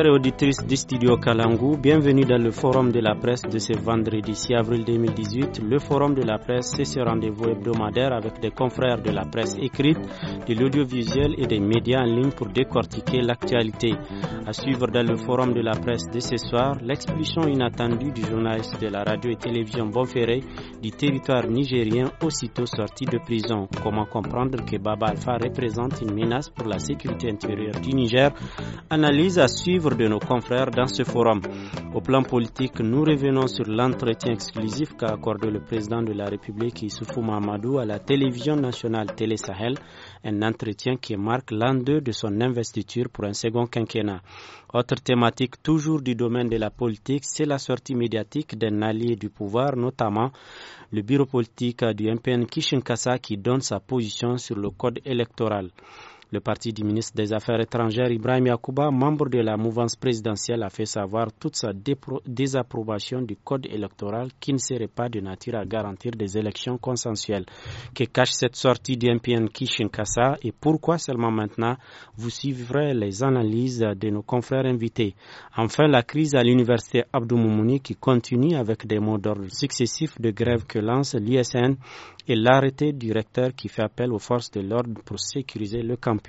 et auditrice du studio Kalangou, bienvenue dans le forum de la presse de ce vendredi 6 avril 2018. Le forum de la presse, c'est ce rendez-vous hebdomadaire avec des confrères de la presse écrite, de l'audiovisuel et des médias en ligne pour décortiquer l'actualité. À suivre dans le forum de la presse de ce soir, l'expulsion inattendue du journaliste de la radio et télévision Bonferré du territoire nigérien aussitôt sorti de prison. Comment comprendre que Baba Alpha représente une menace pour la sécurité intérieure du Niger Analyse à suivre de nos confrères dans ce forum. Au plan politique, nous revenons sur l'entretien exclusif qu'a accordé le président de la République Issoufou Mahamadou à la télévision nationale Télé Sahel, un entretien qui marque l'an 2 de son investiture pour un second quinquennat. Autre thématique toujours du domaine de la politique, c'est la sortie médiatique d'un allié du pouvoir, notamment le bureau politique du MPN Kishinkasa qui donne sa position sur le code électoral. Le parti du ministre des Affaires étrangères Ibrahim Yakuba, membre de la mouvance présidentielle, a fait savoir toute sa désapprobation du code électoral qui ne serait pas de nature à garantir des élections consensuelles. Que cache cette sortie du MPN Kishinkasa et pourquoi seulement maintenant vous suivrez les analyses de nos confrères invités. Enfin, la crise à l'université Abdou Moumouni qui continue avec des mots d'ordre successifs de grève que lance l'ISN et l'arrêté du recteur qui fait appel aux forces de l'ordre pour sécuriser le campus.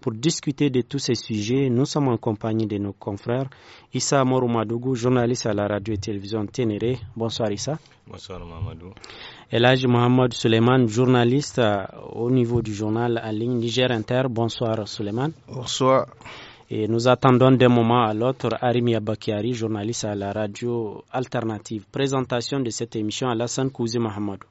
Pour discuter de tous ces sujets, nous sommes en compagnie de nos confrères Issa Madougou, journaliste à la radio et télévision Ténéré. Bonsoir Issa. Bonsoir Mamadou. Elage Mohamed Suleiman, journaliste euh, au niveau du journal en ligne Niger Inter. Bonsoir Suleiman. Bonsoir. Et nous attendons d'un moment à l'autre Arimi Abakiari, journaliste à la radio alternative. Présentation de cette émission à Lassane Kouzi Mohamedou.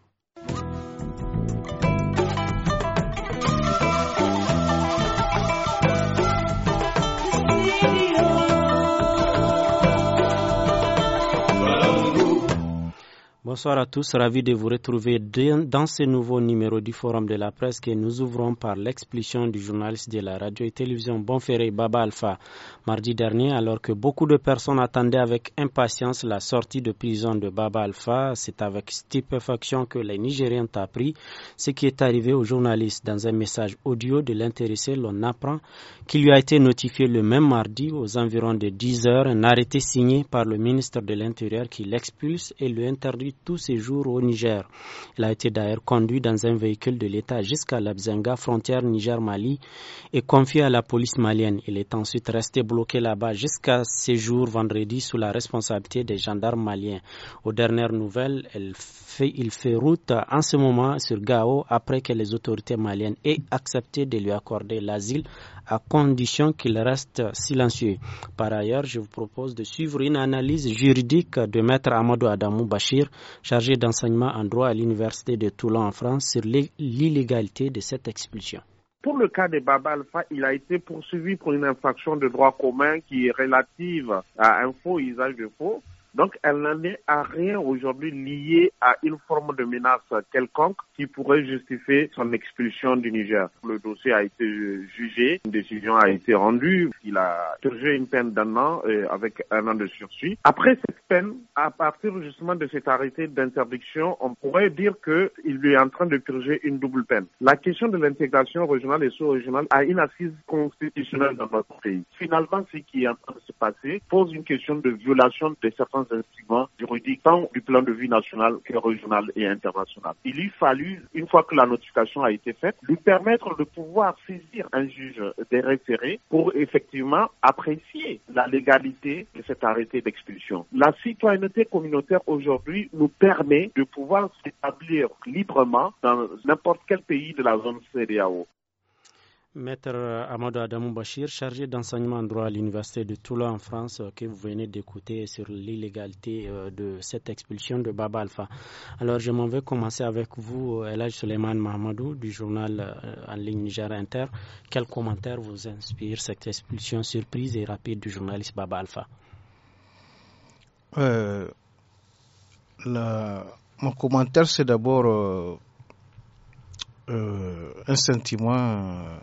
Bonsoir à tous, ravi de vous retrouver dans ce nouveau numéro du Forum de la presse que nous ouvrons par l'expulsion du journaliste de la radio et télévision Bonferré Baba Alpha. Mardi dernier, alors que beaucoup de personnes attendaient avec impatience la sortie de prison de Baba Alpha, c'est avec stupéfaction que les Nigériens ont appris ce qui est arrivé au journaliste. Dans un message audio de l'intéressé, l'on apprend qu'il lui a été notifié le même mardi aux environs de 10 heures un arrêté signé par le ministre de l'Intérieur qui l'expulse et lui interdit tous ses jours au Niger. Il a été d'ailleurs conduit dans un véhicule de l'État jusqu'à la Bzinga, frontière Niger-Mali, et confié à la police malienne. Il est ensuite resté bloqué là-bas jusqu'à ses jours vendredi sous la responsabilité des gendarmes maliens. Aux dernières nouvelles, il fait, route en ce moment sur Gao après que les autorités maliennes aient accepté de lui accorder l'asile à condition qu'il reste silencieux. Par ailleurs, je vous propose de suivre une analyse juridique de maître Amadou Adamou Bachir, chargé d'enseignement en droit à l'Université de Toulon en France, sur l'illégalité de cette expulsion. Pour le cas de Baba Alpha, il a été poursuivi pour une infraction de droit commun qui est relative à un faux usage de faux. Donc, elle n'en est à rien aujourd'hui liée à une forme de menace quelconque qui pourrait justifier son expulsion du Niger. Le dossier a été jugé, une décision a été rendue. Il a purgé une peine d'un an euh, avec un an de sursis. Après cette peine, à partir justement de cet arrêté d'interdiction, on pourrait dire qu'il lui est en train de purger une double peine. La question de l'intégration régionale et sous-régionale a une assise constitutionnelle dans notre pays. Finalement, ce qui est en train de se passer pose une question de violation de certains instruments juridiques, tant du plan de vue national que régional et international. Il lui fallu une fois que la notification a été faite, lui permettre de pouvoir saisir un juge des référés pour effectivement apprécier la légalité de cet arrêté d'expulsion. La citoyenneté communautaire aujourd'hui nous permet de pouvoir s'établir librement dans n'importe quel pays de la zone CDAO. Maître Amadou Adamou Bachir, chargé d'enseignement en droit à l'Université de Toulon en France, euh, que vous venez d'écouter sur l'illégalité euh, de cette expulsion de Baba Alpha. Alors, je m'en vais commencer avec vous, euh, Elage Suleiman Mahamadou, du journal en ligne Niger Inter. Quel commentaire vous inspire cette expulsion surprise et rapide du journaliste Baba Alpha Mon commentaire, c'est d'abord. Euh, un sentiment euh,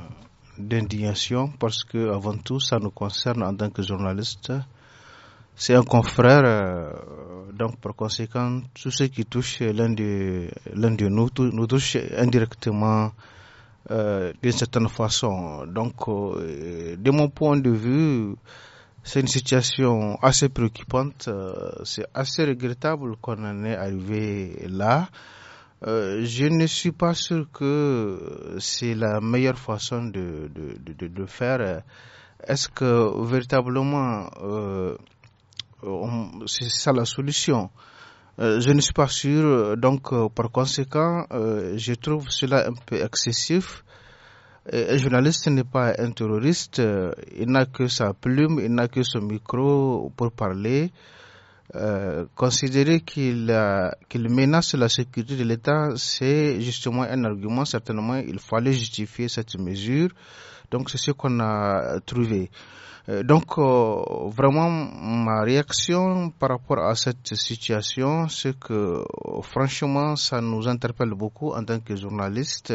d'indignation parce que, avant tout, ça nous concerne en tant que journaliste. C'est un confrère, euh, donc par conséquent, tout ce qui touche l'un de, l'un de nous nous touche indirectement d'une certaine façon. Donc, de mon point de vue, c'est une situation assez préoccupante. C'est assez regrettable qu'on en est arrivé là. Euh, je ne suis pas sûr que c'est la meilleure façon de, de, faire. Est-ce que véritablement euh, c'est ça la solution euh, Je ne suis pas sûr. Donc, par conséquent, je trouve cela un peu excessif. un journaliste n'est pas un terroriste. Il n'a que sa plume, il n'a que son micro pour parler. Euh, considérer qu'il qu'il menace la sécurité de l'État, c'est justement un argument. Certainement, il fallait justifier cette mesure. Donc, c'est ce qu'on a trouvé. Euh, donc, euh, vraiment, ma réaction par rapport à cette situation, c'est que euh, franchement, ça nous interpelle beaucoup en tant que journaliste.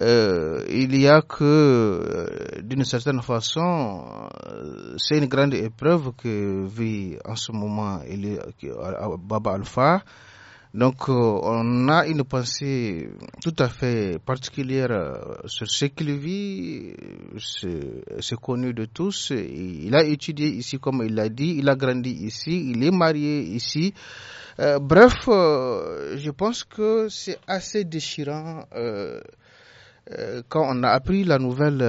il y a que, d'une certaine façon, c'est une grande épreuve que vit en ce moment Baba Alpha. Donc, euh, on a une pensée tout à fait particulière euh, sur ce qu'il vit, c'est connu de tous. Il a étudié ici, comme il l'a dit, il a grandi ici, il est marié ici. Euh, bref, je pense que c'est assez déchirant. quand on a appris la nouvelle,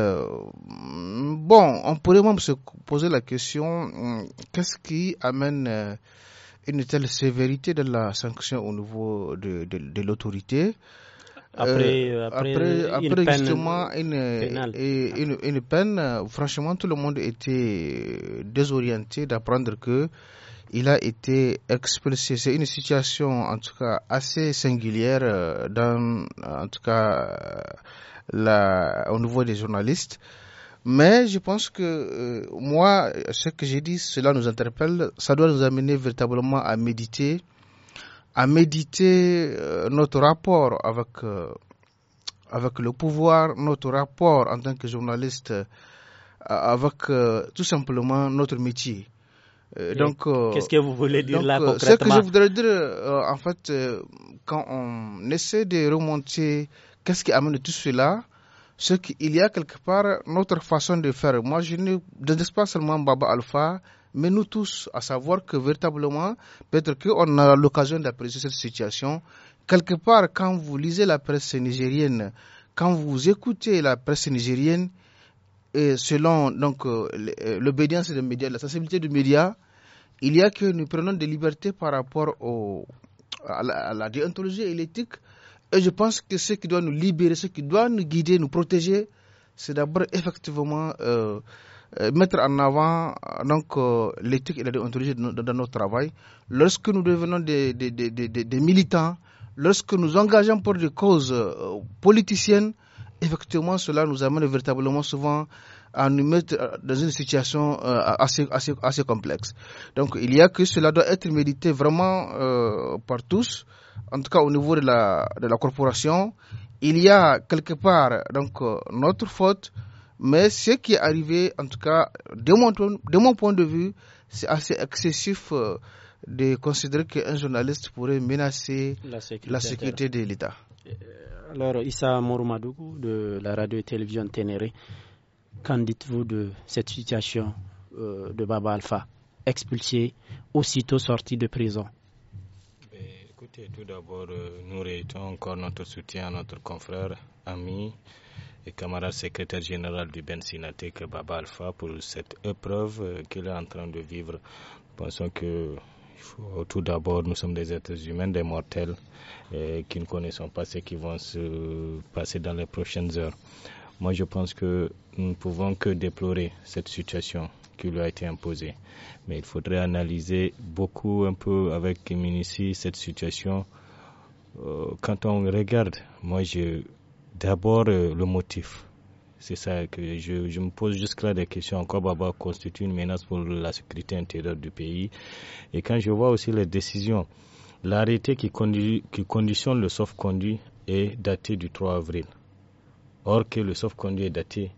bon, on pourrait même se poser la question, qu'est-ce qui amène une telle sévérité de la sanction au niveau de, de, l'autorité. Après, euh, euh, après, après, justement une, une, peine, franchement, tout le monde était désorienté d'apprendre que il a été expulsé. C'est une situation, en tout cas, assez singulière euh, dans, en tout cas, la, au niveau des journalistes. Mais je pense que euh, moi, ce que j'ai dit, cela nous interpelle, ça doit nous amener véritablement à méditer, à méditer euh, notre rapport avec, euh, avec le pouvoir, notre rapport en tant que journaliste, avec tout simplement notre métier. Donc, qu'est-ce que vous voulez dire là concrètement Ce que je voudrais dire, en fait, quand on essaie de remonter, qu'est-ce qui amène tout cela ce qu'il y a quelque part notre façon de faire. Moi, je ne dénonce pas seulement Baba Alpha, mais nous tous, à savoir que véritablement, peut-être qu'on a l'occasion d'apprécier cette situation. Quelque part, quand vous lisez la presse nigérienne, quand vous écoutez la presse nigérienne, et selon donc euh, euh, l'obédience des médias, la sensibilité des médias, il y a que nous prenons des libertés par rapport au, à, la, à la déontologie et l'éthique et je pense que ce qui doit nous libérer, ce qui doit nous guider, nous protéger, c'est d'abord effectivement euh, euh, mettre en avant donc euh, l'éthique et la déontologie dans notre travail. Lorsque nous devenons des militants, lorsque nous engageons pour des causes politiciennes, effectivement, cela nous amène véritablement souvent à nous mettre euh, dans une situation euh, assez, assez, assez complexe. Donc, il y a que cela doit être médité vraiment euh, par tous, en tout cas au niveau de la, de la corporation. Il y a quelque part donc notre faute, mais ce qui est arrivé, en tout cas, de mon, de mon point de vue, c'est assez excessif de considérer qu'un journaliste pourrait menacer la sécurité, de l'État. Alors, Issa Madougou, de la radio et télévision Ténéré, qu'en dites-vous de cette situation euh, de Baba Alpha, expulsé aussitôt sorti de prison ben, Écoutez, tout d'abord, euh, nous réitons encore notre soutien à notre confrère, ami et camarade secrétaire général du Ben Baba Alpha, pour cette épreuve euh, qu'il est en train de vivre. Pensons que euh, tout d'abord, nous sommes des êtres humains, des mortels, euh, qui ne connaissons pas ce qui va se passer dans les prochaines heures. Moi, je pense que nous ne pouvons que déplorer cette situation qui lui a été imposée. Mais il faudrait analyser beaucoup, un peu avec minutie, cette situation. Euh, quand on regarde, moi, je, d'abord, le motif c'est ça que je, me pose jusque-là des questions. Encore Baba constitue une menace pour la sécurité intérieure du pays. Et quand je vois aussi les décisions, l'arrêté qui, qui conditionne le sauf-conduit est daté du 3 avril. Or que le soft conduit est daté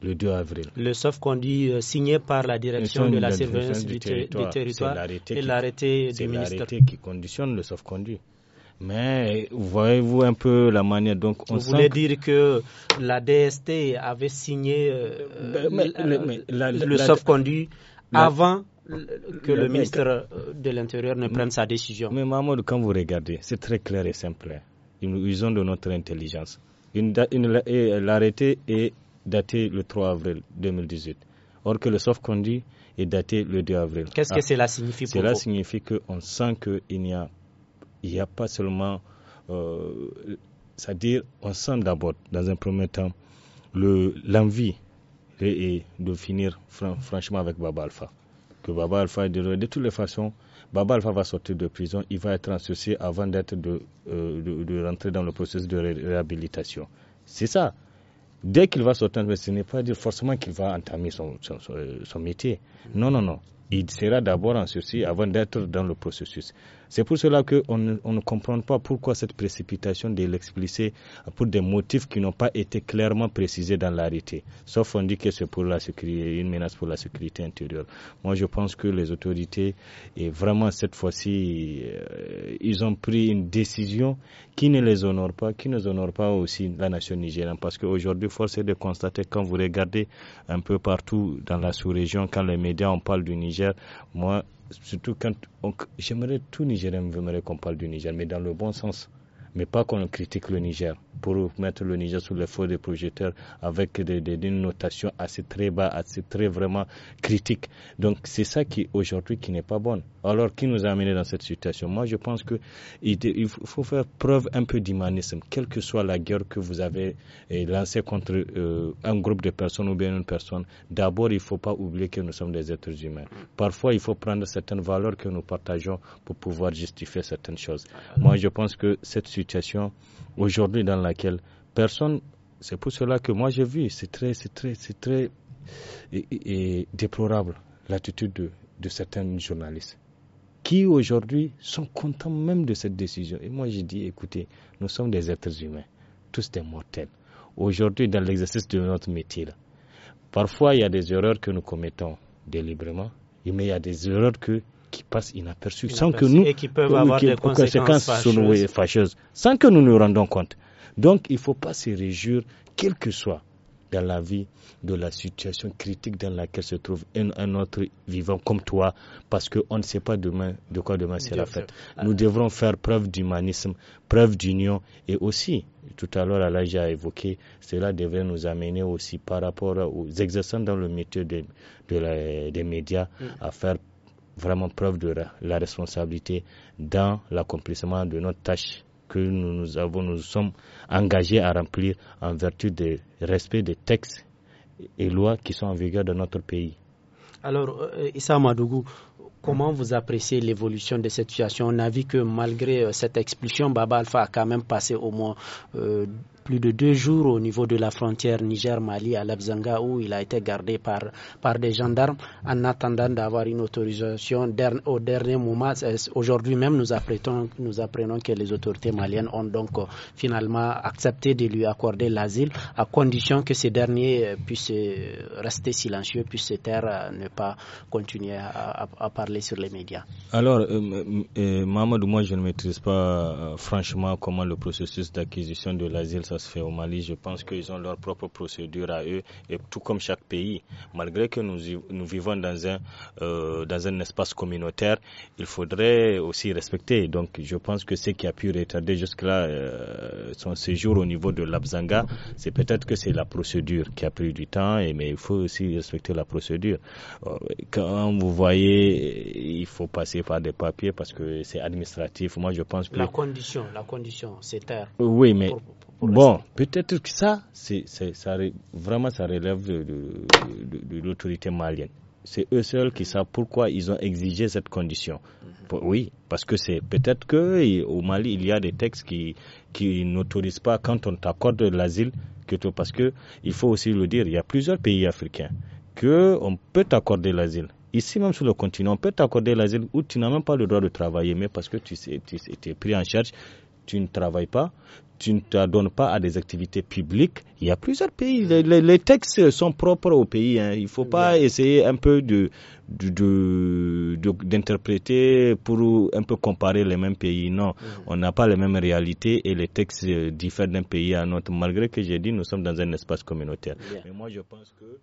le 2 avril. Le sauf-conduit euh, signé par la direction de la, surveillance du, territoire, et l'arrêté du ministère. C'est l'arrêté qui conditionne le sauf-conduit. Mais voyez-vous un peu la manière dont on Vous voulez dire que la DST avait signé le sauf-conduit avant que le, ministre euh, de l'Intérieur ne prenne sa décision. Mais Mahmoud, quand vous regardez, c'est très clair et simple. Nous usons de notre intelligence. L'arrêté est daté le 3 avril 2018, or que le sauf-conduit est daté le 2 avril. Qu'est-ce que ah. cela signifie pour Cela signifie qu'on sent qu'il n'y a il n'y a pas seulement. Euh, c'est-à-dire, on sent d'abord, dans un premier temps, l'envie de finir franchement avec Baba Alpha. Que Baba Alpha de, toutes les façons. Baba Alpha va sortir de prison, il va être en ceci avant d'être de, euh, rentrer dans le processus de réhabilitation. C'est ça. Dès qu'il va sortir, mais ce n'est pas dire forcément qu'il va entamer son, son, métier. Non, non, non. Il sera d'abord en ceci avant d'être dans le processus. C'est pour cela qu'on on ne comprend pas pourquoi cette précipitation de l'expliquer pour des motifs qui n'ont pas été clairement précisés dans l'arrêté. Sauf on dit que c'est pour la sécurité, une menace pour la sécurité intérieure. Moi, je pense que les autorités, et vraiment cette fois-ci, euh, ils ont pris une décision qui ne les honore pas, qui ne les honore pas aussi la nation nigérienne. Parce qu'aujourd'hui, force est de constater, quand vous regardez un peu partout dans la sous-région, quand les médias en parlent du Niger, moi, surtout quand j'aimerais tout Nigérien, j'aimerais qu'on parle du Niger, mais dans le bon sens, mais pas qu'on critique le Niger pour mettre le Niger sous les feux des projecteurs avec des, notations assez très bas, assez très vraiment critique. Donc c'est ça qui aujourd'hui qui n'est pas bonne. Alors qui nous a amené dans cette situation Moi je pense que il faut faire preuve un peu d'humanisme, quelle que soit la guerre que vous avez eh, lancée contre euh, un groupe de personnes ou bien une personne. D'abord il ne faut pas oublier que nous sommes des êtres humains. Parfois il faut prendre certaines valeurs que nous partageons pour pouvoir justifier certaines choses. Moi je pense que cette situation aujourd'hui dans laquelle personne. C'est pour cela que moi j'ai vu, c'est très, c'est très, c'est très et, déplorable l'attitude de, de certains journalistes qui aujourd'hui sont contents même de cette décision. Et moi j'ai dit, écoutez, nous sommes des êtres humains, tous des mortels. Aujourd'hui, dans l'exercice de notre métier, parfois il y a des erreurs que nous commettons délibérément, mais il y a des erreurs que qui passent inaperçus, sans que nous, et qui peuvent avoir des conséquences, fâcheuses. sans que nous nous rendons compte. Donc, il ne faut pas se réjouir, quel que soit dans la vie, de la situation critique dans laquelle se trouve un, autre vivant comme toi, parce qu'on ne sait pas demain de quoi demain sera fait. Ah. Nous devrons faire preuve d'humanisme, preuve d'union, et aussi, tout à l'heure, là a évoqué, cela devrait nous amener aussi par rapport aux exerçants dans le métier des médias mm. à faire vraiment preuve de la responsabilité dans l'accomplissement de notre tâche que nous, avons, nous sommes engagés à remplir en vertu du respect des textes et lois qui sont en vigueur dans notre pays. Alors, euh, Issa Madougou, comment vous appréciez l'évolution de cette situation On a vu que malgré euh, cette expulsion, Baba Alpha a quand même passé au moins euh, plus de deux jours au niveau de la frontière Niger-Mali à Labzanga où il a été gardé par, par des gendarmes en attendant d'avoir une autorisation au dernier moment. Aujourd'hui même, nous apprenons, que les autorités maliennes ont donc euh, finalement accepté de lui accorder l'asile à condition que ce dernier euh, puisse euh, rester silencieux, puisse se taire, ne pas continuer à, parler sur les médias. Alors, euh, moi je ne maîtrise pas franchement comment le processus d'acquisition de l'asile ça se fait au Mali. Je pense qu'ils ont leur propre procédure à eux, et tout comme chaque pays. Malgré que nous, vivons dans un, euh, dans un espace communautaire, il faudrait aussi respecter. Donc je pense que ce qui a pu retarder jusque-là euh, son séjour au niveau de l'Abzanga, c'est peut-être que c'est la procédure qui a pris du temps, et, mais il faut aussi respecter la procédure. Euh, quand vous voyez, il faut passer par des papiers parce que c'est administratif. Moi, je pense que... La condition, la condition, c'est terre. Oui, mais... Bon, peut-être que ça, c'est, ça, vraiment, ça relève de, l'autorité malienne. C'est eux seuls qui savent pourquoi ils ont exigé cette condition. Mhm. Oui, parce que c'est peut-être que au Mali, il y a des textes qui, qui n'autorisent pas quand on t'accorde l'asile, que toi, parce que il faut aussi le dire, il y a plusieurs pays africains que on peut t'accorder l'asile. Ici même sur le continent, on peut t'accorder l'asile où tu n'as même pas le droit de travailler, mais parce que tu, tu es pris en charge, tu ne travailles pas, tu ne t'adonnes pas à des activités publiques, il y a plusieurs pays. Les, textes sont propres au pays. Hein. Il ne faut pas essayer un peu de, d'interpréter pour un peu comparer les mêmes pays. Non, on n'a pas les mêmes réalités et les textes diffèrent d'un pays à un autre. Malgré que j'ai dit, nous sommes dans un espace communautaire. Mais moi, je pense que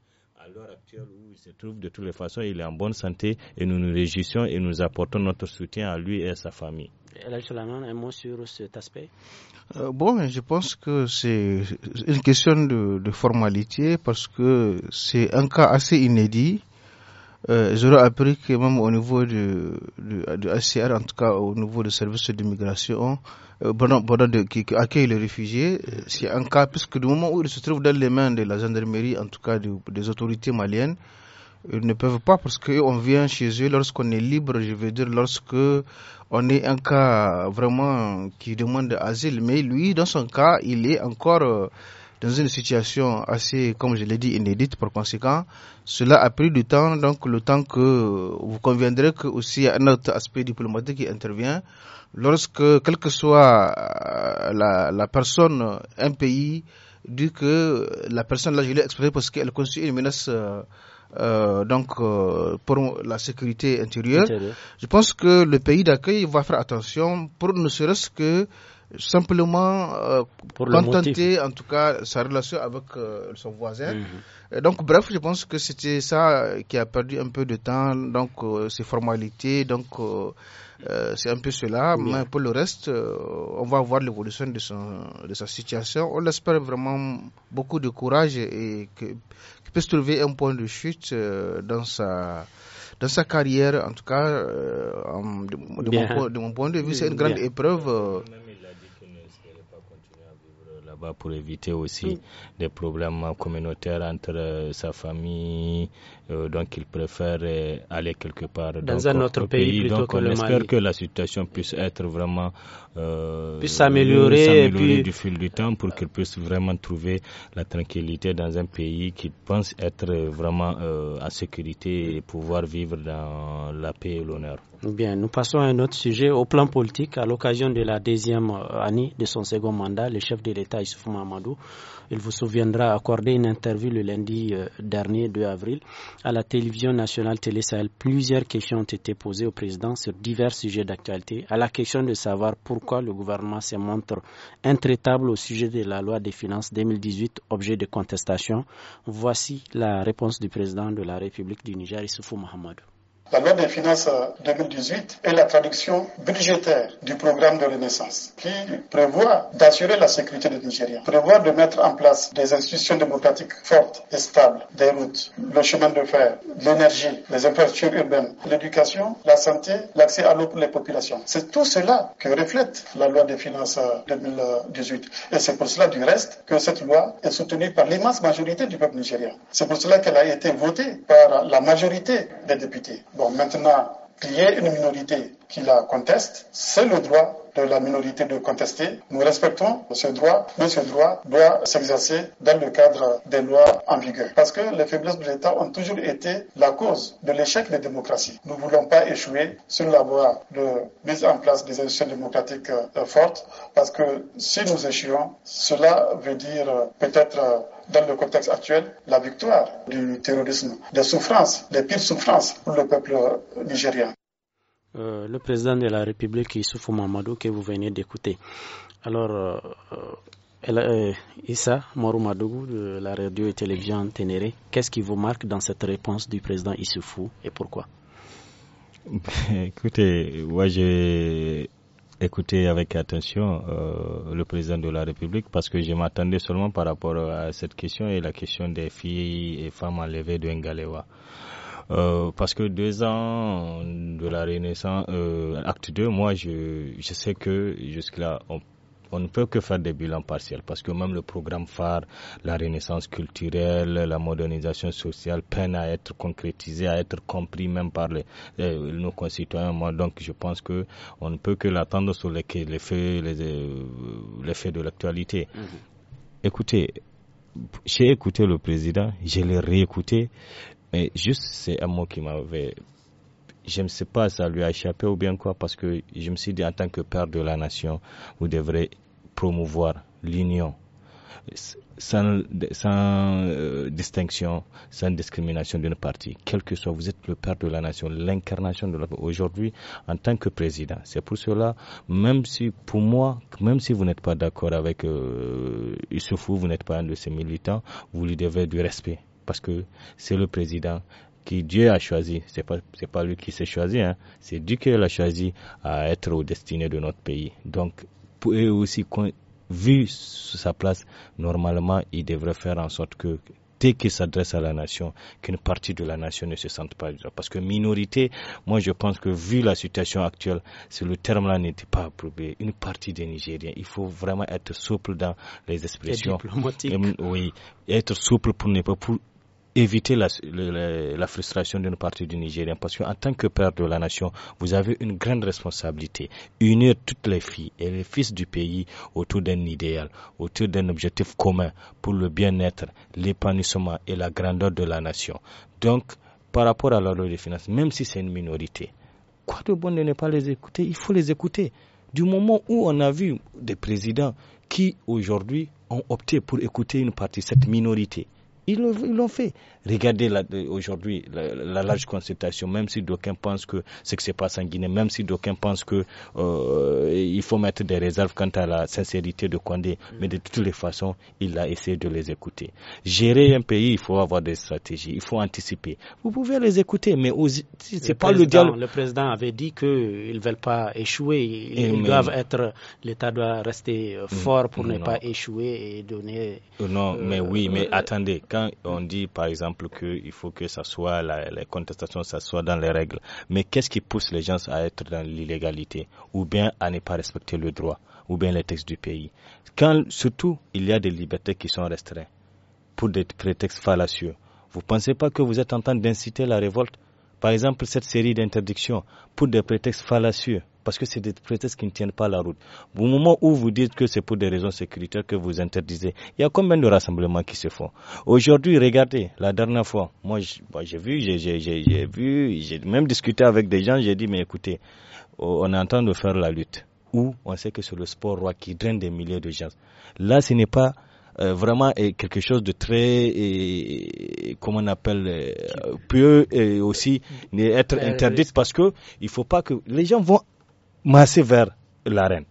à l'heure actuelle où il se trouve, de toutes les façons, il est en bonne santé et nous nous réjouissons et nous apportons notre soutien à lui et à sa famille. un mot sur cet aspect euh, Bon, je pense que c'est une question de formalité parce que c'est un cas assez inédit j'aurais euh, appris que même au niveau du, du, du, ACR, en tout cas au niveau du service d'immigration, euh, pendant, qui, accueille les réfugiés, c'est euh, un cas, puisque du moment où ils se trouvent dans les mains de la gendarmerie, en tout cas des autorités maliennes, ils ne peuvent pas parce qu'on vient chez eux lorsqu'on est libre, je veux dire lorsque on est un cas vraiment qui demande asile. Mais lui, dans son cas, il est encore dans une situation assez, comme je l'ai dit, inédite. Par conséquent, cela a pris du temps, donc le temps que vous conviendrez que aussi y a un autre aspect diplomatique qui intervient. Lorsque, quelle que soit euh, la, personne, un pays, dit que la personne là, je l'ai exprimé parce qu'elle constitue une menace. Euh, euh, donc pour la sécurité intérieure. Je pense que le pays d'accueil va faire attention pour ne serait-ce que simplement euh, Pour contenter en tout cas sa relation avec euh, son voisin. Mhm. Donc bref, je pense que c'était ça euh, qui a perdu un peu de temps, donc euh, ces formalités, donc euh, c'est un peu cela. Mais pour le reste, on va voir l'évolution de, son, de sa situation. On l'espère vraiment beaucoup de courage et qu'il puisse trouver un point de chute dans sa dans sa carrière, en tout cas, de, mon, de, point de vue, c'est une grande épreuve pour éviter aussi des problèmes communautaires entre euh, sa famille. Euh, donc, il préfère euh, aller quelque part dans un autre pays. plutôt donc, que on le espère que la situation puisse être vraiment puisse s'améliorer du fil du temps pour qu'il puisse vraiment trouver la tranquillité dans un pays qui pense être vraiment en sécurité et pouvoir vivre dans la paix et l'honneur. Bien, nous passons à un autre sujet. Au plan politique, à l'occasion de la deuxième année de son second mandat, le chef de l'État Issouf Mamadou. Il vous souviendra accorder une interview le lundi euh, dernier 2 avril à la télévision nationale Télé Sahel. Plusieurs questions ont été posées au président sur divers sujets d'actualité. À la question de savoir pourquoi le gouvernement se montre intraitable au sujet de la loi des finances 2018, objet de contestation, voici la réponse du président de la République du Niger, Issoufou Mahamadou. La loi des finances 2018 euh, est la traduction budgétaire du programme de Renaissance qui prévoit d'assurer la sécurité des Nigériens, prévoit de mettre en place des institutions démocratiques fortes et stables, des routes, le chemin de fer, l'énergie, les infrastructures urbaines, l'éducation, la santé, l'accès à l'eau pour les populations. C'est tout cela que reflète la loi des finances 2018. Euh, et c'est pour cela du reste que cette loi est soutenue par l'immense majorité du peuple nigérien. C'est pour cela qu'elle a été votée par la majorité des députés. Bon, maintenant, qu'il y ait une minorité qui la conteste, c'est le droit de la minorité de contester. Nous respectons ce droit, mais ce droit doit s'exercer dans le cadre des lois en vigueur. Parce que les faiblesses de l'État ont toujours été la cause de l'échec des démocraties. Nous ne voulons pas échouer sur la voie de mise en place des institutions démocratiques euh, fortes, parce que si nous échouons, cela veut dire euh, peut-être euh, dans le contexte actuel, la victoire du terrorisme, des souffrances, des pires souffrances pour le peuple nigérien. Euh, le président de la République, Issoufou Mamadou, que vous venez d'écouter. Alors, euh, euh, Issa Morumadou, de la radio et télévision Ténéré, qu'est-ce qui vous marque dans cette réponse du président Issoufou et pourquoi Écoutez, moi j'ai écouté avec attention le président de la République parce que je m'attendais seulement par rapport à cette question et la question des filles et femmes enlevées de Ngalewa. Euh, parce que deux ans de la Renaissance, euh, acte 2, moi, je, je sais que jusque-là, on on ne peut que faire des bilans partiels parce que même le programme phare, la renaissance culturelle, la modernisation sociale peine à être concrétisée, à être compris même par les, nos concitoyens. Moi, donc, je pense que on ne peut que l'attendre sur les, les, faits, les, euh, faits de l'actualité. Mhm. Écoutez, j'ai écouté le président, je l'ai réécouté. Mais juste, c'est un mot qui m'avait. Je ne sais pas, ça lui a échappé ou bien quoi, parce que je me suis dit, en tant que père de la nation, vous devrez promouvoir l'union. Sans, sans euh, distinction, sans discrimination d'une partie. Quel que soit, vous êtes le père de la nation, l'incarnation de la Aujourd'hui, en tant que président, c'est pour cela, même si pour moi, même si vous n'êtes pas d'accord avec euh, se fout, vous n'êtes pas un de ses militants, vous lui devez du respect parce que c'est le président qui Dieu a choisi. C'est pas c'est pas lui qui s'est choisi, hein. c'est Dieu qui l'a choisi à être au destiné de notre pays. Donc pour aussi, vu sa place, normalement, il devrait faire en sorte que dès qu'il s'adresse à la nation, qu'une partie de la nation ne se sente pas. Parce que minorité, moi je pense que vu la situation actuelle, si le terme-là n'était pas approuvé, une partie des Nigériens, il faut vraiment être souple dans les expressions. oui, être souple pour ne pas pour éviter la, frustration d'une partie du Nigérien parce qu'en tant que père de la nation, vous avez une grande responsabilité. Unir toutes les filles et les fils du pays autour d'un idéal, autour d'un objectif commun pour le bien-être, l'épanouissement et la grandeur de la nation. Donc, par rapport à la loi des finances, même si c'est une minorité, quoi de bon de ne pas les écouter Il faut les écouter. Du moment où on a vu des présidents qui aujourd'hui ont opté pour écouter une partie, cette minorité, ils l'ont fait. Regardez aujourd'hui la, large consultation, même si d'aucuns pensent que ce qui se passe en Guinée, même si d'aucuns pensent qu'il euh, faut mettre des réserves quant à la sincérité de Condé, mm. mais de toutes les façons, il a essayé de les écouter. Gérer un pays, il faut avoir des stratégies, il faut anticiper. Vous pouvez les écouter, mais c'est pas le dialogue. Le président avait dit qu'ils ne veulent pas échouer, ils, eh, doivent être, l'État doit rester euh, mm. fort pour ne pas échouer et donner. Euh, non, mais oui, mais attendez on dit par exemple qu'il faut que soit les contestations, ça soit dans les règles, mais qu'est-ce qui pousse les gens à être dans l'illégalité ou bien à ne pas respecter le droit ou bien les textes du pays Quand surtout il y a des libertés qui sont restreintes pour des prétextes fallacieux, vous ne pensez pas que vous êtes en train d'inciter la révolte Par exemple, cette série d'interdictions pour des prétextes fallacieux, parce que c'est des prétextes qui ne tiennent pas la route. Au moment où vous dites que c'est pour des raisons sécuritaires que vous interdisez, il y a combien de rassemblements qui se font Aujourd'hui, regardez, la dernière fois, moi bah, j'ai vu, j'ai vu, j'ai même discuté avec des gens, j'ai dit, mais écoutez, oh, on est en train de faire la lutte. Où on sait que c'est le sport roi qui draine des milliers de gens. Là, ce n'est pas euh, vraiment euh, quelque chose de très euh, comment on appelle peu peut aussi être interdit, parce que il faut pas que les gens vont masser vers l'arène.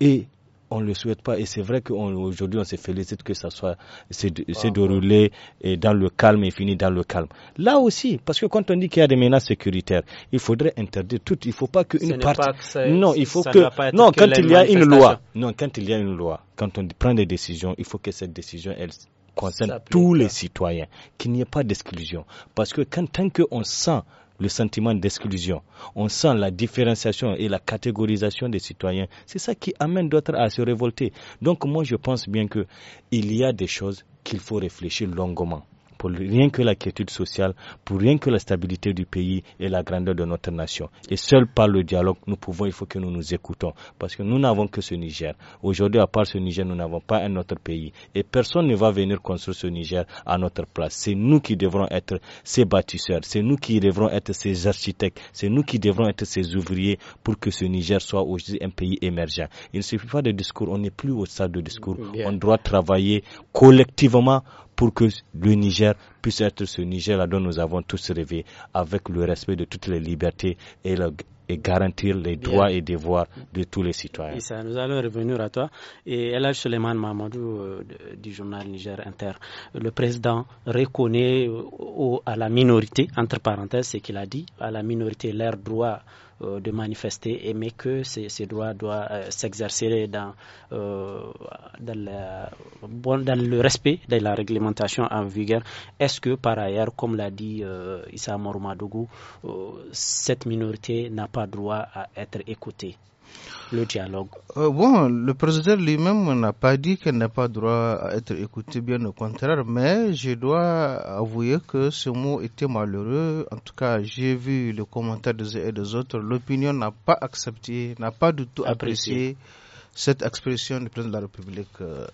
Et on ne le souhaite pas. Et c'est vrai qu'aujourd'hui, on, on, se félicite que ça soit, c'est de ah, rouler dans le calme et fini dans le calme. Là aussi, parce que quand on dit qu'il y a des menaces sécuritaires, il faudrait interdire tout. Il ne faut pas qu'une partie. non, il faut que. Non, quand il y a une loi. Non, quand il y a une loi, quand on prend des décisions, il faut que cette décision, elle concerne tous les citoyens, qu'il n'y ait pas d'exclusion. Parce que quand, tant qu'on sent le sentiment d'exclusion. On sent la différenciation et la catégorisation des citoyens. C'est ça qui amène d'autres à se révolter. Donc moi je pense bien que il y a des choses qu'il faut réfléchir longuement rien que la quiétude sociale, pour rien que la stabilité du pays et la grandeur de notre nation. Et seul par le dialogue, nous pouvons, il faut que nous nous écoutons, parce que nous n'avons que ce Niger. Aujourd'hui, à part ce Niger, nous n'avons pas un autre pays. Et personne ne va venir construire ce Niger à notre place. C'est nous qui devrons être ces bâtisseurs, c'est nous qui devrons être ces architectes, c'est nous qui devrons être ces ouvriers pour que ce Niger soit aujourd'hui un pays émergent. Il ne suffit pas de discours, on n'est plus au stade de discours. On doit travailler collectivement pour que le Niger puisse être ce Niger-là dont nous avons tous rêvé, avec le respect de toutes les libertés et, et garantir les droits et devoirs de tous les citoyens. Ça, nous allons revenir à toi. Et là, Suleiman Mamadou euh, du journal Niger Inter, le président reconnaît euh, à la minorité, entre parenthèses, ce qu'il a dit, à la minorité leur droit euh, de manifester, et mais que ces, ces droits doivent s'exercer dans, dans, dans, le respect de la réglementation en vigueur. Est parce que par ailleurs, comme l'a dit euh, Issa Maroumadougou, euh, cette minorité n'a pas droit à être écoutée le dialogue euh, Bon, le président lui-même n'a pas dit qu'elle n'a pas droit à être écoutée, bien au contraire, mais je dois avouer que ce mot était malheureux. En tout cas, j'ai vu les commentaires des uns et des autres. L'opinion n'a pas accepté, n'a pas du tout apprécié cette expression du président de la République. Euh,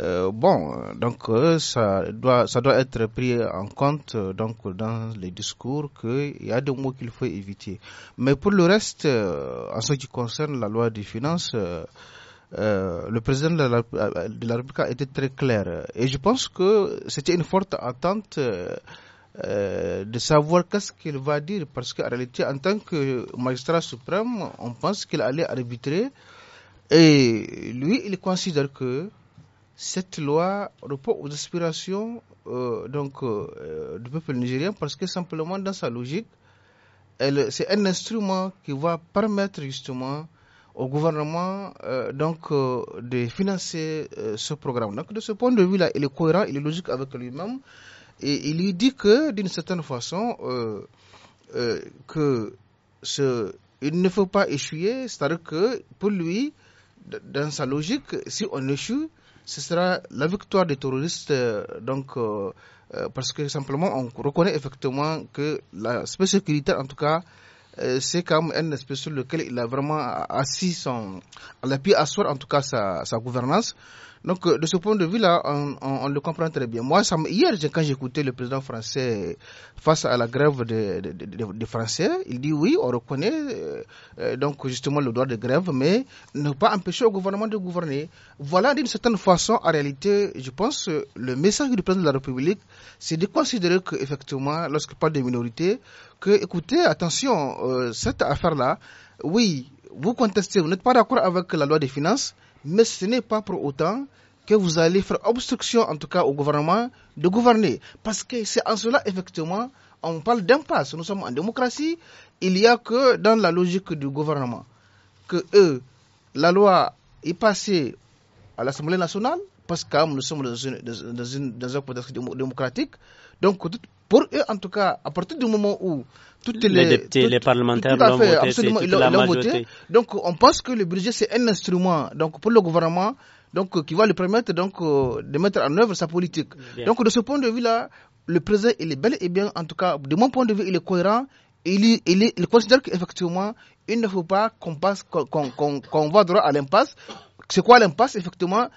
euh bon, donc euh, ça doit, ça doit être pris en compte euh, donc dans les discours qu'il y a des mots qu'il faut éviter. Mais pour le reste, en ce qui concerne la loi des finances, euh, le président de la, République a été très clair. Et je pense que c'était une forte attente euh, de savoir qu'est-ce qu'il va dire. Parce qu'en réalité, en tant que magistrat suprême, on pense qu'il allait arbitrer et lui, il considère que cette loi repose aux aspirations euh, donc, euh, du peuple nigérien parce que simplement dans sa logique, c'est un instrument qui va permettre justement au gouvernement euh, donc de financer ce programme. Donc de ce point de vue-là, il est cohérent, il est logique avec lui-même et il lui dit que d'une certaine façon que ce, il ne faut pas échouer, c'est-à-dire que pour lui, dans sa logique, si on échoue, ce sera la victoire des terroristes, euh, donc, euh, euh, parce que simplement on reconnaît effectivement que la spécialité, en tout cas, c'est comme un aspect sur lequel il a vraiment assis son, a pu asseoir en tout cas sa, sa gouvernance. Donc, euh, de ce point de vue-là, on, le comprend très bien. Moi, ça, hier, quand j'écoutais le président français face à la grève des Français, il dit oui, on reconnaît euh, euh, donc justement le droit de grève, mais ne pas empêcher au gouvernement de gouverner. Voilà, d'une certaine façon, en réalité, je pense, le message du président de la République, c'est de considérer qu'effectivement, lorsqu'il parle de minorités, que, écoutez, attention, cette affaire-là, oui, vous contestez, vous n'êtes pas d'accord avec la loi des finances, mais ce n'est pas pour autant que vous allez faire obstruction, en tout cas au gouvernement, de gouverner. Parce que c'est en cela, effectivement, on parle d'impasse. Nous sommes en démocratie. Il n'y a que dans la logique du gouvernement que eux, la loi est passée à l'Assemblée nationale, parce que nous sommes dans une, dans dans un contexte démocratique. Donc, pour eux, en tout cas, à partir du moment où toutes les, les députés, les parlementaires l'ont voté, absolument, ils voté. Donc, on pense que le budget c'est un instrument. Donc, pour le gouvernement, donc euh, qui va lui permettre donc euh, de mettre en œuvre sa politique. Donc, de ce point de vue-là, le président il est bel et bien, en tout cas, de mon point de vue, il est cohérent. Il, il, considère qu'effectivement, il ne faut pas qu'on passe, qu'on, qu'on, qu'on va droit à l'impasse. C'est quoi l'impasse Effectivement,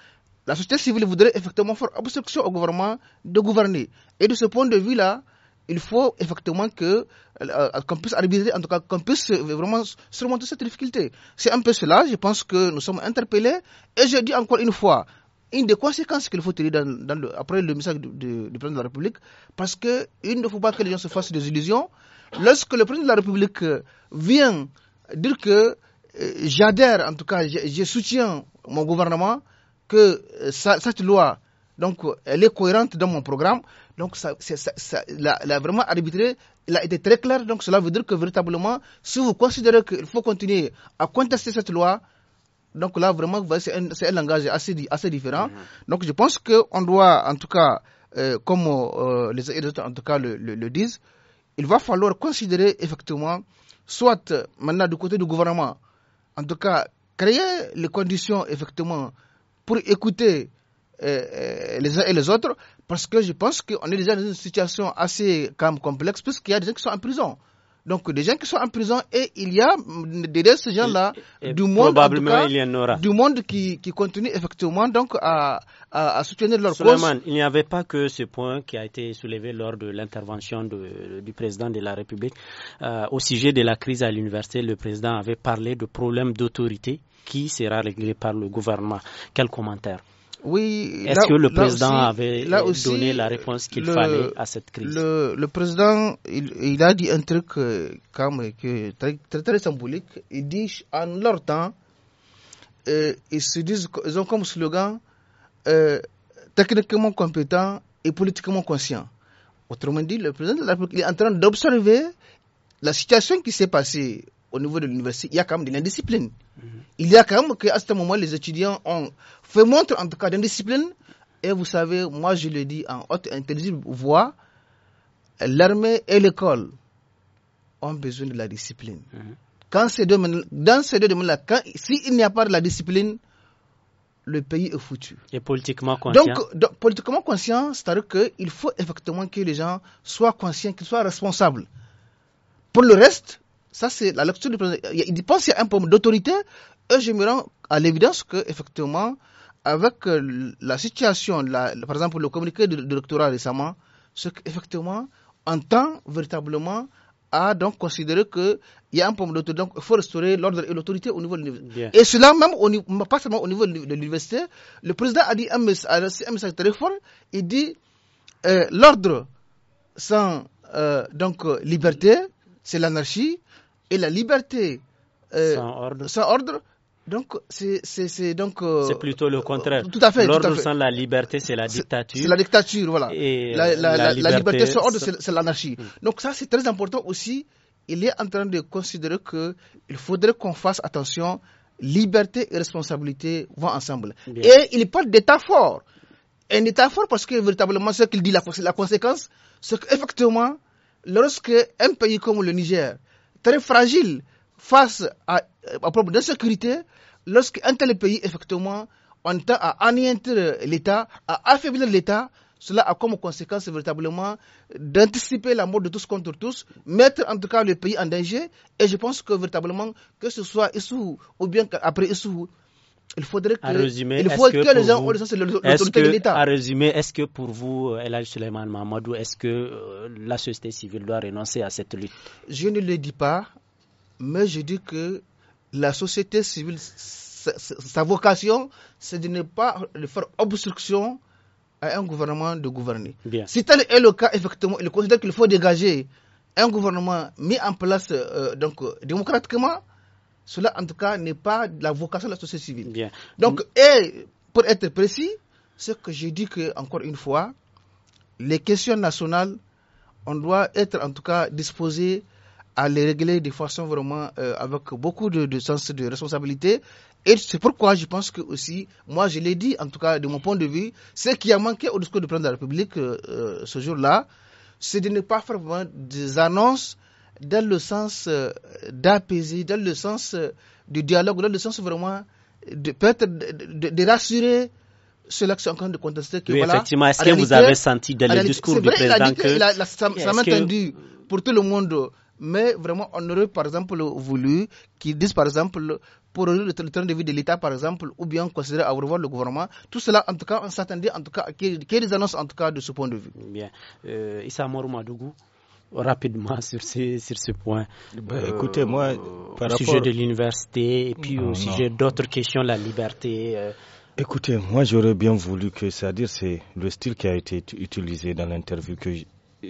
la société civile voudrait effectivement faire obstruction au gouvernement de gouverner. Et de ce point de vue-là, il faut effectivement que euh, euh, qu'on puisse arbitrer, en tout cas qu'on puisse vraiment surmonter cette difficulté. C'est un peu cela, je pense que nous sommes interpellés. Et je dis encore une fois, une des conséquences qu'il faut tirer dans, après le message du, président de la République, parce qu'il ne faut pas que les gens se fassent des illusions. Lorsque le président de la République vient dire que euh, j'adhère, en tout cas je soutiens mon gouvernement, que euh, cette loi, donc, elle est cohérente dans mon programme. Donc, ça, ça, la, vraiment arbitré, il a été très clair. Donc, cela veut dire que véritablement, si vous considérez qu'il faut continuer à contester cette loi, donc là, vraiment, c'est un, un, langage assez, assez différent. Mm-hmm. Donc, je pense qu'on doit, en tout cas, euh, comme euh, les éditeurs en tout cas, le, le, disent, il va falloir considérer effectivement, soit maintenant du côté du gouvernement, en tout cas, créer les conditions, effectivement, pour écouter euh, euh, les uns et les autres, parce que je pense qu'on est déjà dans une situation assez complexe, puisqu'il y a des gens qui sont en prison. Donc des gens qui sont en prison et il y a derrière ces gens-là du monde, du monde qui, continue effectivement donc à, soutenir leur Suleiman, il n'y avait pas que ce point qui a été soulevé lors de l'intervention du président de la République euh, au sujet de la crise à l'université. Le président avait parlé de problèmes d'autorité qui sera réglé par le gouvernement. Quel commentaire? Oui. Est-ce que le président avait donné la réponse qu'il fallait à cette crise Le, président, il, a dit un truc comme, euh, très, très, symbolique. Il dit en leur temps, euh, ils se disent, ils ont comme slogan euh, techniquement compétent et politiquement conscient. Autrement dit, le président de la République est en train d'observer la situation qui s'est passée au niveau de l'université. Il y a quand même de l'indiscipline. Mm-hmm. Il y a quand même qu'à ce moment, les étudiants ont fait montre, en tout cas, d'une discipline. Et vous savez, moi, je le dis en haute intelligible voix, l'armée et l'école ont besoin de la discipline. Mm-hmm. Quand ces deux, dans ces deux domaines-là, s'il n'y a pas de la discipline, le pays est foutu. Et politiquement conscient. Donc, donc politiquement conscient, c'est-à-dire qu'il faut effectivement que les gens soient conscients, qu'ils soient responsables. Pour le reste, ça, c'est la lecture du président. Il pense qu'il y a un problème d'autorité. Et je me rends à l'évidence que, effectivement, avec euh, la situation, par exemple, le communiqué du doctorat récemment, ce qu'effectivement, on tend véritablement à donc considérer qu'il y a un problème d'autorité. Donc, il faut restaurer l'ordre et l'autorité au niveau de l'université. Et cela, même pas seulement au niveau de l'université, le président a dit un message très fort il dit euh, l'ordre sans euh, donc, liberté, c'est l'anarchie et la liberté euh, sans, ordre. Donc, c'est donc. Euh, c'est plutôt le contraire. Tout à fait. L'ordre sans la liberté, c'est la dictature. C'est la dictature, voilà. Et euh, la, liberté, sans ordre, c'est l'anarchie. Hmm. Donc, ça, c'est très important aussi. Il est en train de considérer qu'il faudrait qu'on fasse attention. Liberté et responsabilité vont ensemble. Et il parle d'État fort. Un État fort parce que véritablement, ce qu'il dit, la, la conséquence, c'est qu'effectivement, lorsque un pays comme le Niger très fragile face à, un euh, problème d'insécurité lorsqu'un tel pays, effectivement, on tend à anéantir l'État, à affaiblir l'État. Cela a comme conséquence véritablement d'anticiper la mort de tous contre tous, mettre en tout cas le pays en danger. Et je pense que véritablement, que ce soit Issou ou bien après Issou, il faudrait que, résumer, il faut que, les vous, l'autorité de l'État. À résumer, est-ce que pour vous, al euh, Suleiman Mamadou, est-ce que euh, la société civile doit renoncer à cette lutte Je ne le dis pas, mais je dis que la société civile, sa, vocation, c'est de ne pas faire obstruction à un gouvernement de gouverner. Bien. Si tel est le cas, effectivement, il considère qu'il faut dégager un gouvernement mis en place euh, donc, démocratiquement cela, en tout cas, n'est pas la vocation de la société civile. Bien. Donc, et pour être précis, ce que j'ai dit que, encore une fois, les questions nationales, on doit être en tout cas disposé à les régler de façon vraiment euh, avec beaucoup de, sens de responsabilité. Et c'est pourquoi je pense que aussi, moi je l'ai dit, en tout cas de mon point de vue, ce qui a manqué au discours du président de la République euh, euh, ce jour-là, c'est de ne pas faire vraiment des annonces dans le sens euh, d'apaiser, dans le sens euh, du dialogue, dans le sens vraiment de, peut de, rassurer ceux-là qui sont en train de contester que oui, voilà, effectivement, est-ce que vous avez senti dans le discours du président que... ça m'a entendu pour tout le monde, mais vraiment, on aurait par exemple voulu qu'ils disent par exemple pour le train de vie de l'État, par exemple, ou bien considérer à revoir le gouvernement. Tout cela, en tout cas, on s'attendait, en tout cas, qu'il des annonces, en tout cas, de ce point de vue. Bien. Euh, Issa Madougou, rapidement sur ce, sur ce point. Ben, euh, écoutez, moi, par au sujet de l'université et puis aussi au sujet d'autres questions, la liberté. Euh. Écoutez, moi, j'aurais bien voulu que, c'est-à-dire, c'est le style qui a été utilisé dans l'interview que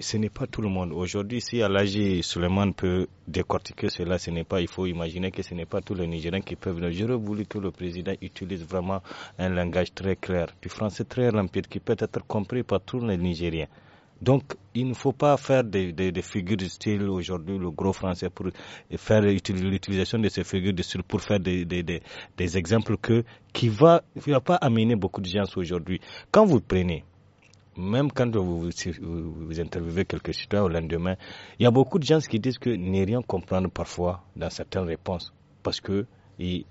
ce n'est pas tout le monde. Aujourd'hui, si Alagi Suleiman peut décortiquer cela, ce n'est pas, il faut imaginer que ce n'est pas tous les Nigériens qui peuvent venir. J'aurais voulu que le président utilise vraiment un langage très clair, du français très limpide, qui peut être compris par tous les Nigériens. Donc, il ne faut pas faire des, des, des figures de style aujourd'hui, le gros français, pour faire l'utilisation de ces figures de style pour faire des, des exemples que, qui va, qui va pas amener beaucoup de gens aujourd'hui. Quand vous prenez, même quand vous, vous, vous interviewez quelques citoyens au lendemain, il y a beaucoup de gens qui disent que n'est rien comprendre parfois dans certaines réponses parce que ils,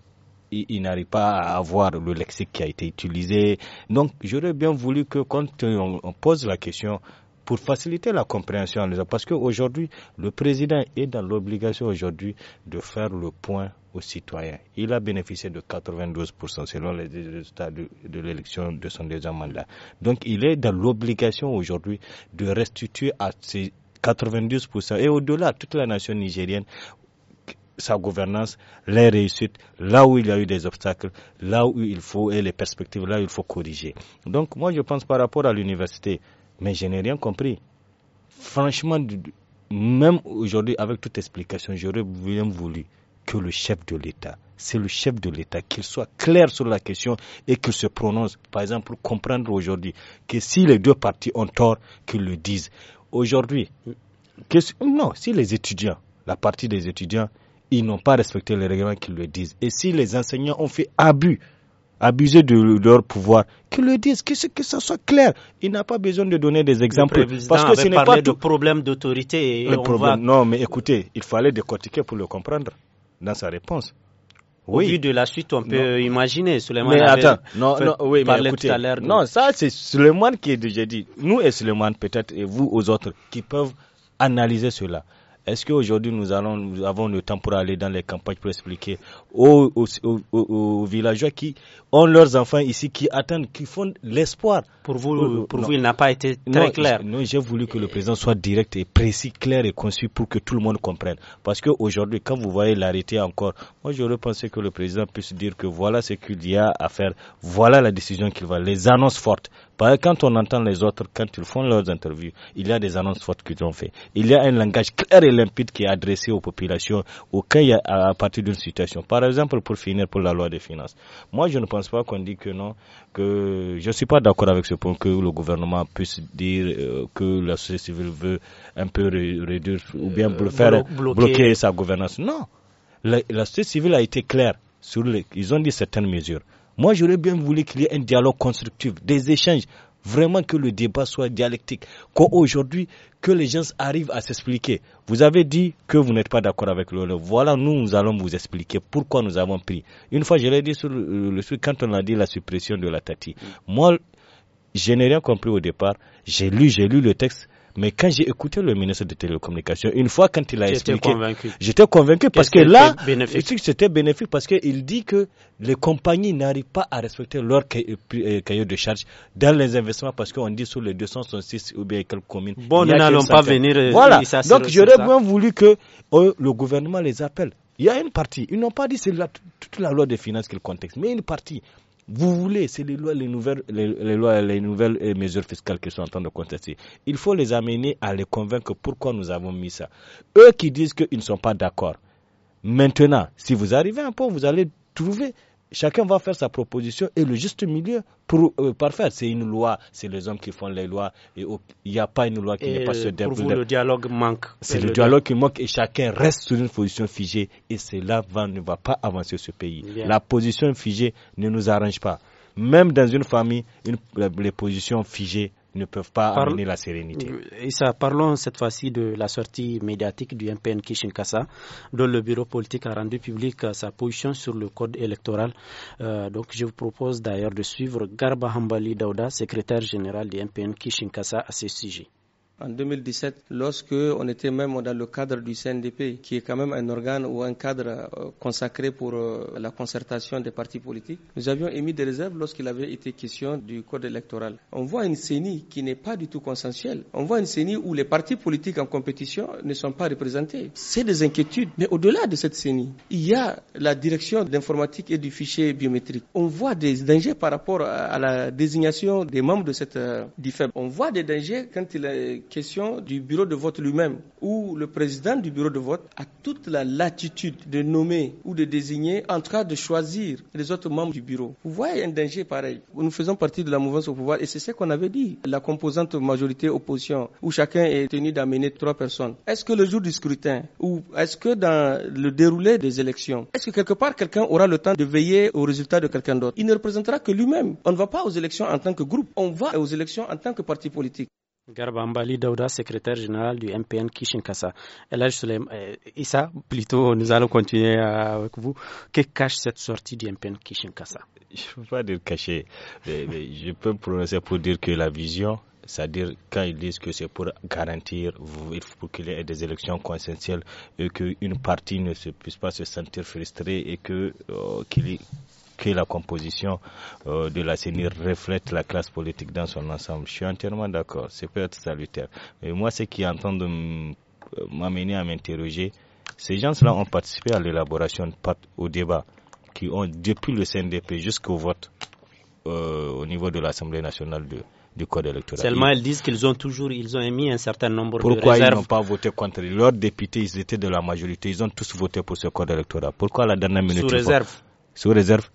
ils pas à avoir le lexique qui a été utilisé. Donc, j'aurais bien voulu que quand on pose la question, pour faciliter la compréhension les Parce qu'aujourd'hui, le président est dans l'obligation aujourd'hui de faire le point aux citoyens. Il a bénéficié de 92% selon les résultats de, de l'élection de son deuxième mandat. Donc il est dans l'obligation aujourd'hui de restituer à ces 92% et au-delà toute la nation nigérienne sa gouvernance, les réussites, là où il y a eu des obstacles, là où il faut, et les perspectives, là où il faut corriger. Donc moi je pense par rapport à l'université, mais je n'ai rien compris. Franchement, même aujourd'hui, avec toute explication, j'aurais bien voulu que le chef de l'État, c'est le chef de l'État, qu'il soit clair sur la question et qu'il se prononce, par exemple, pour comprendre aujourd'hui que si les deux parties ont tort, qu'ils le disent. Aujourd'hui, non, si les étudiants, la partie des étudiants, ils n'ont pas respecté les règlements qu'ils le disent, et si les enseignants ont fait abus abuser de, leur pouvoir, qu'ils le disent, que, que ça soit clair. Il n'a pas besoin de donner des exemples. Le parce que ce n'est pas de problème d'autorité. non, mais écoutez, il fallait décortiquer pour le comprendre dans sa réponse. Oui. Au vu de la suite, on peut imaginer. Suleiman mais attends, non, non, oui, mais écoutez, non, ça c'est Suleiman qui est déjà dit. Nous et Suleiman peut-être, et vous aux autres, qui peuvent analyser cela. Est-ce qu'aujourd'hui nous, allons, avons le temps pour aller dans les campagnes pour expliquer aux, villageois qui ont leurs enfants ici, qui attendent, qui font l'espoir Pour vous, euh, pour vous il n'a pas été très clair. Non, j'ai voulu que le président soit direct et précis, clair et conçu pour que tout le monde comprenne. Parce qu'aujourd'hui, quand vous voyez l'arrêté encore, moi j'aurais pensé que le président puisse dire que voilà ce qu'il y a à faire, voilà la décision qu'il va, les annonces fortes. Quand on entend les autres, quand ils font leurs interviews, il y a des annonces fortes qu'ils ont faites. Il y a un langage clair et limpide qui est adressé aux populations a à partir d'une situation. Par exemple, pour finir, pour la loi des finances. Moi, je ne pense pas qu'on dit que non, que je ne suis pas d'accord avec ce point que le gouvernement puisse dire euh, que la société civile veut un peu réduire ou euh, bien faire bloquer. sa gouvernance. Non. La, la société civile a été claire. Sur les, ils ont dit certaines mesures. Moi, j'aurais bien voulu qu'il y ait un dialogue constructif, des échanges, vraiment que le débat soit dialectique, qu'aujourd'hui, que les gens arrivent à s'expliquer. Vous avez dit que vous n'êtes pas d'accord avec le Voilà, nous, nous allons vous expliquer pourquoi nous avons pris. Une fois, je l'ai dit sur le sujet, quand on a dit la suppression de la Tati. Moi, je n'ai rien compris au départ. J'ai lu, j'ai lu le texte. Mais quand j'ai écouté le ministre des Télécommunications, une fois quand il a expliqué, j'étais convaincu parce que là, c'était bénéfique parce qu'il dit que les compagnies n'arrivent pas à respecter leur euh, cahier de charge dans les investissements parce qu'on dit sur les 266 ou bien quelques communes. Bon, nous n'allons pas venir. Euh, voilà. Donc j'aurais bien voulu que euh, le gouvernement les appelle. Il y a une partie. Ils n'ont pas dit c'est toute la loi des finances qui le contexte, mais une partie. Vous voulez, c'est les lois, les nouvelles, les, les nouvelles mesures fiscales qu'ils sont en train de contester. Il faut les amener à les convaincre pourquoi nous avons mis ça. Eux qui disent qu'ils ne sont pas d'accord. Maintenant, si vous arrivez à un peu, vous allez trouver chacun va faire sa proposition et le juste milieu pour euh, parfaire. C'est une loi, c'est les hommes qui font les lois et il n'y a pas une loi qui n'est pas sur Pour vous, le dialogue manque. C'est le, dialogue qui manque et chacun reste sur une position figée et cela ne va pas avancer ce pays. La position figée ne nous arrange pas. Même dans une famille, les positions figées ne peuvent pas amener la sérénité. Euh, parlons cette fois-ci de la sortie médiatique du MPN Kishinkasa, dont le bureau politique a rendu public euh, sa position sur le code électoral. Euh, donc, je vous propose d'ailleurs de suivre Garba Hambali Daouda, secrétaire général du MPN Kishinkasa, à ce sujet en 2017, lorsque on était même dans le cadre du CNDP, qui est quand même un organe ou un cadre euh, consacré pour euh, la concertation des partis politiques, nous avions émis des réserves lorsqu'il avait été question du code électoral. On voit une CENI qui n'est pas du tout consensuelle. On voit une CENI où les partis politiques en compétition ne sont pas représentés. C'est des inquiétudes. Mais au-delà de cette CENI, il y a la direction d'informatique et du fichier biométrique. On voit des dangers par rapport à la désignation des membres de cette euh, DIFEB. On voit des dangers quand il est question du bureau de vote lui-même, où le président du bureau de vote a toute la latitude de nommer ou de désigner en train de choisir les autres membres du bureau. Vous voyez un danger pareil. Nous faisons partie de la mouvance au pouvoir et c'est ce qu'on avait dit. La composante majorité-opposition, où chacun est tenu d'amener trois personnes. Est-ce que le jour du scrutin, ou est-ce que dans le déroulé des élections, est-ce que quelque part quelqu'un aura le temps de veiller aux résultats de quelqu'un d'autre Il ne représentera que lui-même. On ne va pas aux élections en tant que groupe, on va aux élections en tant que parti politique. Garbambali Dauda, secrétaire général du MPN Kishinkasa. Elhaj Soulem, et eh, Issa, plutôt, nous allons continuer euh, avec vous. Que cache cette sortie du MPN Kishinkasa Je ne peux pas dire cacher. mais, je peux prononcer pour dire que la vision, c'est-à-dire quand ils disent que c'est pour garantir, pour qu'il y ait des élections consensuelles et qu'une partie ne puisse pas se sentir frustrée et que euh, qu'il y que la composition euh, de la CENIR reflète la classe politique dans son ensemble. Je suis entièrement d'accord. C'est peut-être salutaire. Mais moi, ce qui entend de euh, m'amener à m'interroger, ces gens-là ont participé à l'élaboration, au débat, qui ont, depuis le CNDP jusqu'au vote euh, au niveau de l'Assemblée nationale du code électoral. Seulement, ils disent qu'ils ont toujours, ils ont émis un certain nombre de réserves. Pourquoi ils n'ont pas voté contre Leurs députés, ils étaient de la majorité, ils ont tous voté pour ce code électoral. Pourquoi à la dernière minute Sous réserve. Sous réserve.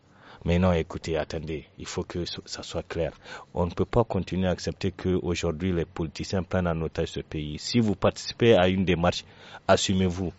Mais non, écoutez, attendez, il faut que ça soit clair. On ne peut pas continuer à accepter qu'aujourd'hui les politiciens prennent en otage ce pays. Si vous participez à une démarche, assumez-vous.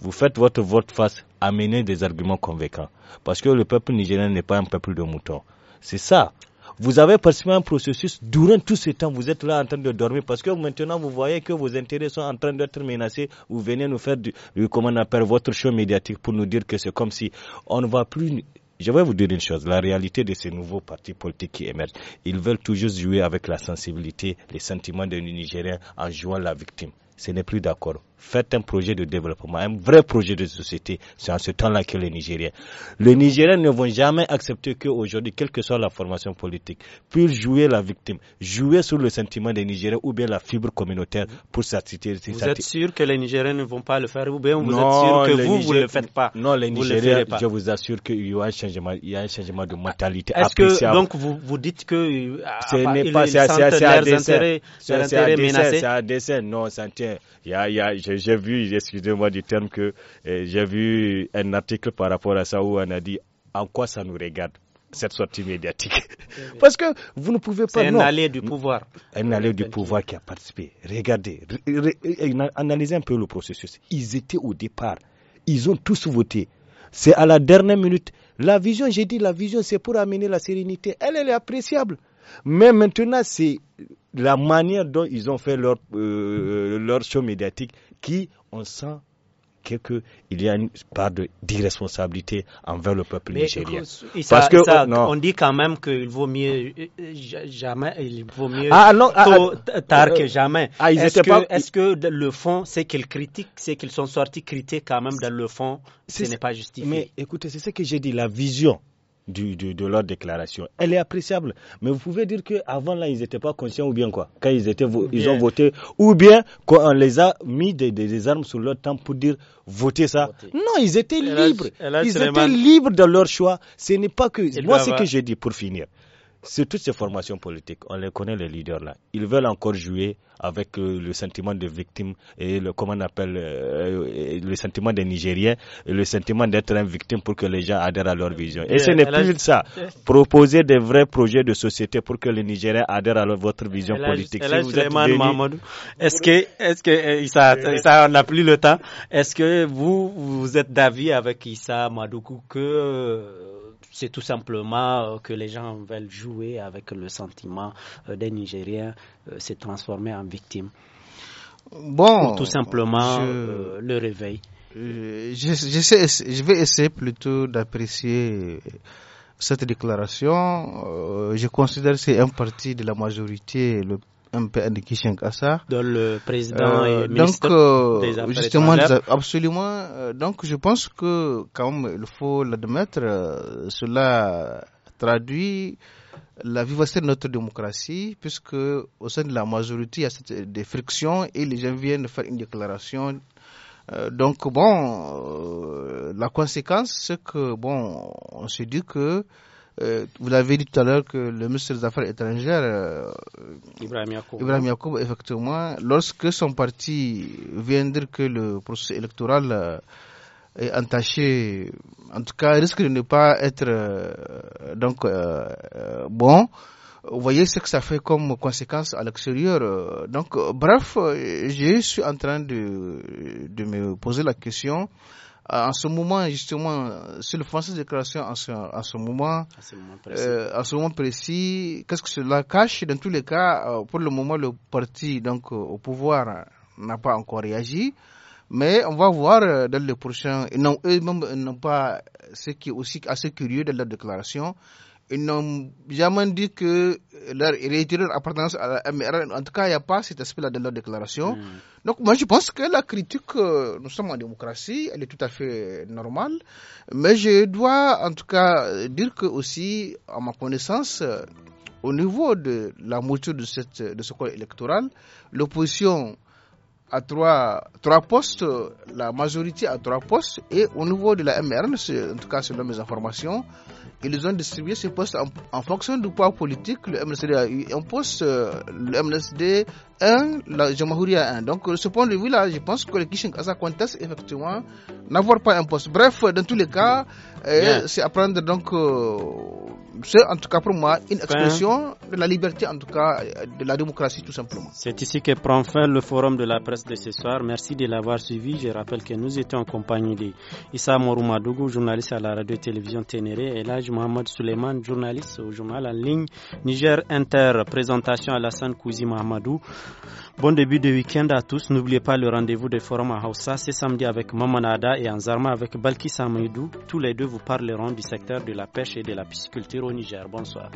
Vous faites votre vote face, amenez des arguments convaincants. Parce que le peuple nigérien n'est pas un peuple de moutons. C'est ça. Vous avez participé à un processus durant tout ce temps. Vous êtes là en train de dormir parce que maintenant vous voyez que vos intérêts sont en train d'être menacés. Vous venez nous faire du, comment on appelle votre show médiatique pour nous dire que c'est comme si on ne va plus je vais vous dire une chose, la réalité de ces nouveaux partis politiques qui émergent, ils veulent toujours jouer avec la sensibilité, les sentiments des Nigériens en jouant la victime ce n'est plus d'accord. Faites un projet de développement, un vrai projet de société. C'est en ce temps-là que les Nigériens. Les Nigériens ne vont jamais accepter qu'aujourd'hui, quelle que soit la formation politique, puissent jouer la victime, jouer sur le sentiment des Nigériens ou bien la fibre communautaire pour s'attirer. Vous êtes sûr que les Nigériens ne vont pas le faire ou bien vous êtes sûr que vous, vous ne le faites pas Non, les Nigériens, je vous assure qu'il y a un changement, il y a un changement de mentalité. Est-ce que, donc, vous, vous dites que. Euh, ce ah, n'est pas, c'est à dessin. C'est à non, c'est j'ai vu, excusez-moi du terme, que eh, j'ai vu un article par rapport à ça où on a dit en quoi ça nous regarde cette sortie médiatique. Parce que vous ne pouvez pas. C'est un allée du pouvoir. Un allée du pouvoir qui a participé. Regardez, analysez un peu le processus. Ils étaient au départ. Ils ont tous voté. C'est à la dernière minute. La vision, j'ai dit, la vision, c'est pour amener la sérénité. Elle, elle est appréciable. Mais maintenant, c'est la manière dont ils ont fait leur, euh, leur show médiatique qui, on sent qu'il y a une part d'irresponsabilité envers le peuple nigérien. Parce que oh, on, dit quand même qu'il vaut mieux euh, jamais, ah, non, tôt, tard que jamais. Est-ce que, le fond, c'est qu'ils critiquent, c'est qu'ils sont sortis critiques quand même dans le fond, ce n'est pas justifié. Mais écoutez, c'est ce que j'ai dit, la vision de, leur déclaration. Elle est appréciable. Mais vous pouvez dire qu'avant, là, ils n'étaient pas conscients ou bien quoi, quand ils, étaient, ils ont voté, ou bien qu'on les a mis des, des, armes sur leur temps pour dire votez ça. Non, ils étaient libres. ils étaient libres de leur choix. Ce n'est pas que. moi, ce que hein. j'ai dit pour finir, c'est toutes ces formations politiques, on les connaît les leaders là. Ils veulent encore jouer avec euh, le sentiment de victime et le comment on appelle euh, le sentiment des Nigériens, et le sentiment d'être un victime pour que les gens adhèrent à leur vision. Et, ce n'est plus ça. Proposer des vrais projets de société pour que les Nigériens adhèrent à votre vision politique. est-ce que est-ce que euh, Issa, Issa, on n'a plus le temps. Est-ce que vous vous êtes d'avis avec Issa Madoukou que c'est tout simplement euh, que les gens veulent jouer avec le sentiment euh, des Nigériens, euh, se transformer en victime. Bon. tout simplement le réveil. Je, vais essayer plutôt d'apprécier cette déclaration. je considère que c'est un parti de la majorité, le un peu le président euh, ministre euh, donc, justement, absolument. Euh, donc, je pense que, quand même, il faut l'admettre, cela traduit la vivacité de notre démocratie, puisque au sein de la majorité, il y a cette, des frictions et les gens viennent faire une déclaration donc bon, la conséquence, c'est que bon, on se dit que euh, vous l'avez dit tout à l'heure que le ministre des Affaires étrangères, euh, Ibrahim, Yacoub, effectivement, lorsque son parti vient dire que le processus électoral euh, est entaché, en tout cas risque de ne pas être donc bon, vous voyez ce que ça fait comme conséquence à l'extérieur. Donc, bref, je suis en train de, de me poser la question euh, en ce moment, justement, sur le français déclaration, en ce, moment, à ce moment euh, précis, précis qu'est-ce que cela cache Dans tous les cas, euh, pour le moment, le parti donc au pouvoir n'a pas encore réagi. Mais on va voir dans les prochains. Non, eux-mêmes n'ont pas ce qui est aussi assez curieux de leur déclaration ils n'ont jamais dit que leur, leur appartenance à ah, la MRN. En tout cas, il n'y a pas cet aspect-là dans leur déclaration. Donc, hmm. moi, je pense que la critique, nous sommes en démocratie, elle est tout à fait normale. Mais je dois, en tout cas, dire que aussi, à ma connaissance, eh, au niveau de la mouture de, cette, de ce corps électoral, l'opposition à trois, trois postes, la majorité à trois postes, et au niveau de la MRN, en tout cas selon mes informations, ils ont distribué ces postes en, fonction du pouvoir politique. Le MNSD a eu un poste, euh, le MNSD un, la Jamahouria un. Donc, ce point de vue-là, je pense que le Kishin conteste effectivement n'avoir pas un poste. Bref, dans tous les cas, euh, c'est apprendre donc. Euh, c'est en tout cas pour moi une expression de la liberté, en tout cas euh, de la démocratie tout simplement. C'est ici que prend fin le forum de la presse de ce soir. Merci de l'avoir suivi. Je rappelle que nous étions en compagnie de Issa Moroumadougou, journaliste à la radio-télévision Ténéré, et là Mohamed Suleiman, journaliste au journal en ligne Niger Inter. Présentation à sainte Kouzi Mahamadou. Bon début de week-end à tous. N'oubliez pas le rendez-vous des forums à Hausa. ce samedi avec Mamanada et Anzarma avec Balkis Amidou. Tous les deux vous parleront du secteur de la pêche et de la pisciculture au Niger. Bonsoir.